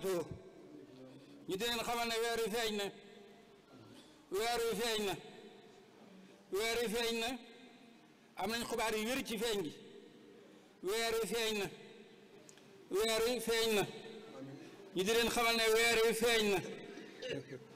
faatoo ñu di leen xamal ne weer wi feeñ na weer wi feeñ na weer wi feeñ na am nañ xubaar yu wér ci feeñ gi weer wi feeñ na weer na ñu di ne weer wi na